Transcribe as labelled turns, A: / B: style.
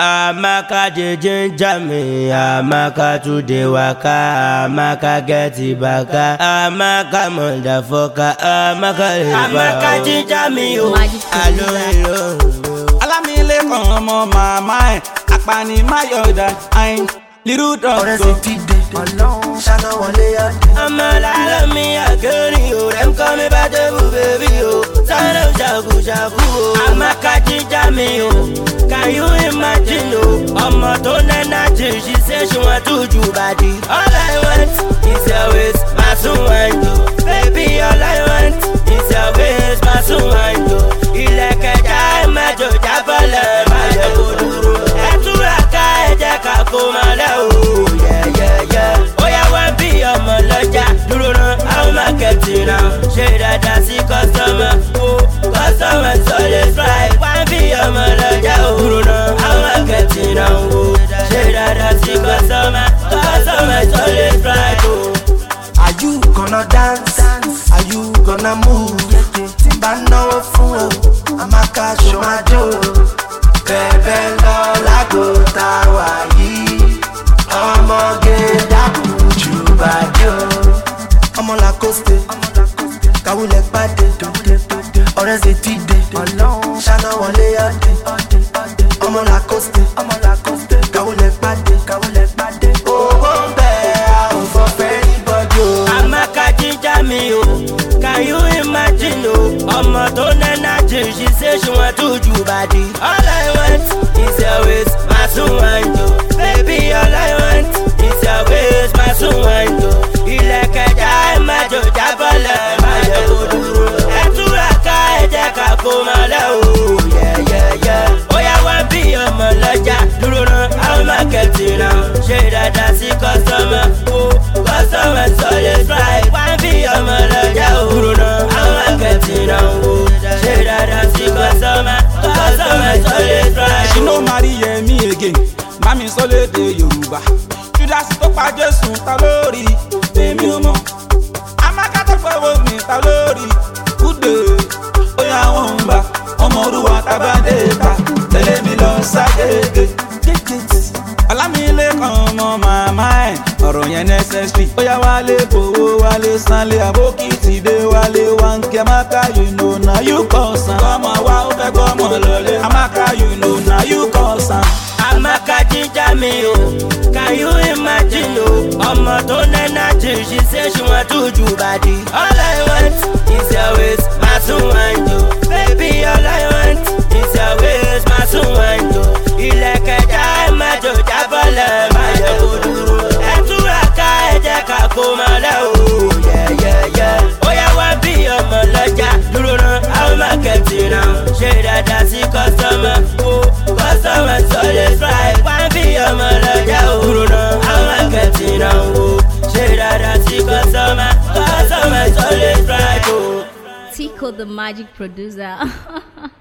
A: Amaka jejen jami, Amaka today waka, Amaka get baka, Amaka motherfucker, Amaka leba. Amaka jinjami o, oh. alo ilo. Alamile kan ọmọ màmá ẹ̀, eh. apani Mayoda ayin, liru so Ọ̀rẹ́ sì ti dé, ọlọ́run ṣáná wọlé ọdẹ. Ọmọ làlọ́ mi àgẹ́rin o, oh. rẹ̀ ń kọ́ mi bá débù bèbí o, oh. sáré òṣàkùṣàkù o. Amaka jinjami o. Can you imagine, oh? ọmọ tó lẹ́nàjì she say she want to ju bàdí. All I want is your waist, my soon wine Baby, all I want is your waist, my soon wine yo. Ilẹ̀kẹ̀já ìmájò jábọ̀lẹ̀ ìmájò kò dúró. Ẹ̀túra ká ẹ̀jẹ̀ ká kó máa lẹ̀ o. Ó yá wá bí ọmọ lọ́jà dúró ran àwọn mákẹ́tì náà. Ṣé dáadáa sí kọ́sọ́mà? Kọ́sọ́mà sọ̀rọ̀ ìfúráì. Wá bí ọmọ lọ́jà. máa múre tí n bá náwó fún o a máa ka aṣọ máa jó bẹ̀bẹ̀ lọ lágbo wà yìí ọmọge dákun jù bàjẹ́ o. ọmọ lacoste kawulẹ̀ pàdé ọ̀rẹ́ ṣe ti dé ṣáná wọlé ọdẹ ọmọ lacoste kawulẹ̀ pàdé. body. sọlédè yorùbá júdásì tó pa jésù ta lórí èmi ò mọ amáká tó fẹ́ wo mi ta lórí kúdè ó yà wọ́n ọmọ olúwa tábàdé ta tẹ̀lé mi lọ ságége ọlámilẹ́kan ọmọ màmá ẹ̀ ọ̀rọ̀ yẹn necessary ó yá wálé fowó wálé sanlé àbókìtì dé wálé wánkẹ́ mákàyùnú náà yóò kọ̀ sàn ọmọ wa ó fẹ́ gbọ́ ọmọ lọ́lẹ́ àmákàyùnú. mi o can you imagine Oh, o ọmọ tó nẹ́nà jìn she say she want to do body. all i want is your waist masun you, baby all i want. called the magic producer.